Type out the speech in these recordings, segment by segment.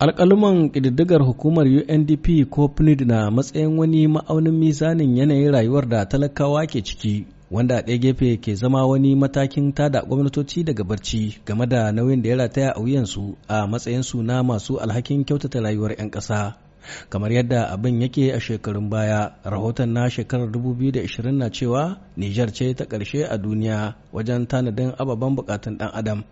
alƙaluman ƙididdigar hukumar UNDP ko PNUD na matsayin wani ma'aunin mizanin yanayin rayuwar da talakawa ke ciki wanda ɗaya gefe ke zama wani matakin tada gwamnatoci daga barci game da nauyin da ya rataya a wuyansu a matsayinsu na masu alhakin kyautata rayuwar 'yan ƙasa. kamar yadda abin yake a shekarun baya rahoton na shekarar 2020 na cewa nijar ce ta ƙarshe a duniya wajen tanadin ababen bukatun ɗan adam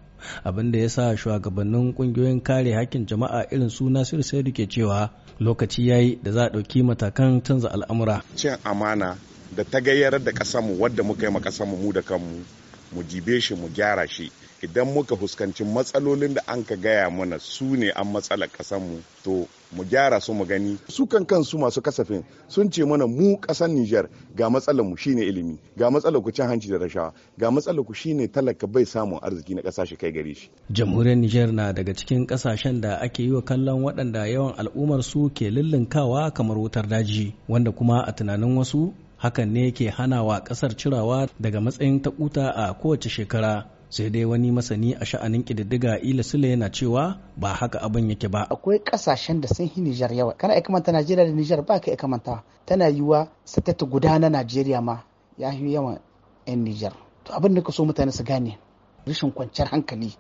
abin da ya sa shugabannin kungiyoyin kare hakkin jama'a irin su nasiru saidu ke cewa lokaci ya yi da za a ɗauki matakan canza al'amura cin amana da ta gayyar da ƙasarmu wadda muka yi ma ƙasarmu mu da kanmu mu jibe shi mu gyara shi idan muka fuskanci matsalolin da an ka gaya mana su ne an matsala kasan mu to mu gyara su mu gani su kan kansu masu kasafin sun ce mana mu kasan Nijar ga matsalar mu shine ilimi ga matsalar ku cin hanci da rashawa ga matsalar ku shine talaka bai samun arziki na kasashe kai gare shi jamhuriyar Nijar na daga cikin kasashen da ake yi wa kallon waɗanda yawan al'ummar su ke lullunkawa kamar wutar daji wanda kuma a tunanin wasu hakan ne ke hanawa kasar cirawa daga matsayin ta kuta a kowace shekara sai dai wani masani a sha'anin ƙididdiga ila sule yana cewa ba haka abin yake ba akwai ƙasashen da sun yi nijar yawa kana ya kamanta najeriya da nijar ba ka ya kamanta tana yiwa satata guda na najeriya ma ya yi yawan 'yan nijar to abin da ka so mutane su gane rashin kwanciyar hankali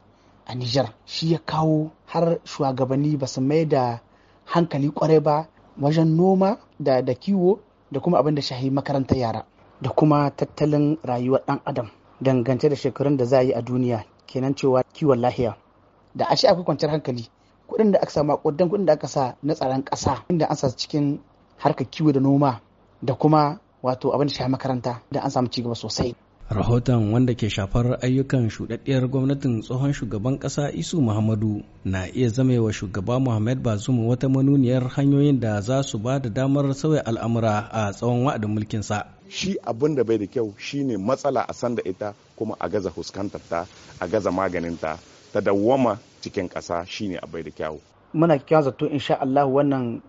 a nijar shi ya kawo har shugabanni ba su mai da hankali kwarai ba wajen noma da, da kiwo da kuma abin da shahi makarantar yara da kuma tattalin rayuwar ɗan adam dangance da shekarun da za a yi a duniya kenan cewa kiwon lahiya da ashe akwai kwanciyar hankali kuɗin da aka sa makudan kuɗin da aka sa na tsaron kasa inda an sa cikin harkar kiwo da noma da kuma wato abin da shahi makaranta da an samu cigaba sosai rahoton wanda ke shafar ayyukan shuɗaɗɗiyar gwamnatin tsohon shugaban ƙasa isu muhammadu na iya wa shugaba muhammad bazum wata manuniyar hanyoyin da za su ba da damar sauya al'amura a tsawon wa'adin mulkinsa shi abin da bai da kyau shine matsala a sanda ita kuma a gaza huskantar ta a gaza maganinta ta dawwama cikin ƙasa shine abai da kyau muna kyawun zato insha Allah wannan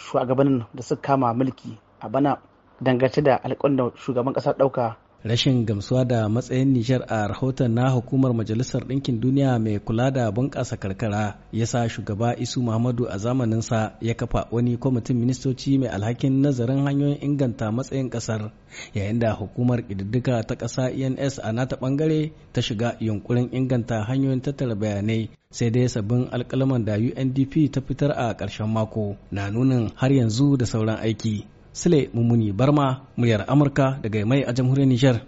shugabannin da suka kama mulki a bana dangace da alƙawarin da shugaban ƙasa ɗauka rashin gamsuwa da matsayin Nijar a rahoton na hukumar Majalisar Ɗinkin Duniya mai kula da bunƙasa karkara ya sa shugaba Isu Muhammadu a zamaninsa ya kafa wani kwamitin ministoci mai alhakin nazarin hanyoyin inganta matsayin ƙasar yayin da hukumar ƙididdika ta ƙasa ENS a nata ɓangare ta shiga yunƙurin inganta hanyoyin tattara bayanai sai dai sabbin alƙalaman da UNDP ta fitar a ƙarshen mako na nunin har yanzu da sauran aiki. Sule mumuni Barma, muryar Amurka daga mai a jamhuriyar Nijar.